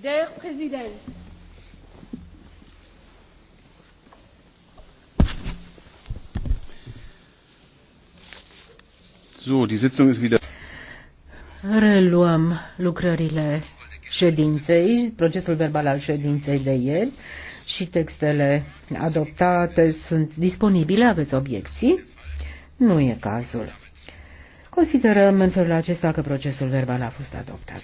Der Präsident. So, die Sitzung ist wieder. Reluăm lucrările ședinței, procesul verbal al ședinței de ieri și textele adoptate sunt disponibile. Aveți obiecții? Nu e cazul. Considerăm în felul acesta că procesul verbal a fost adoptat.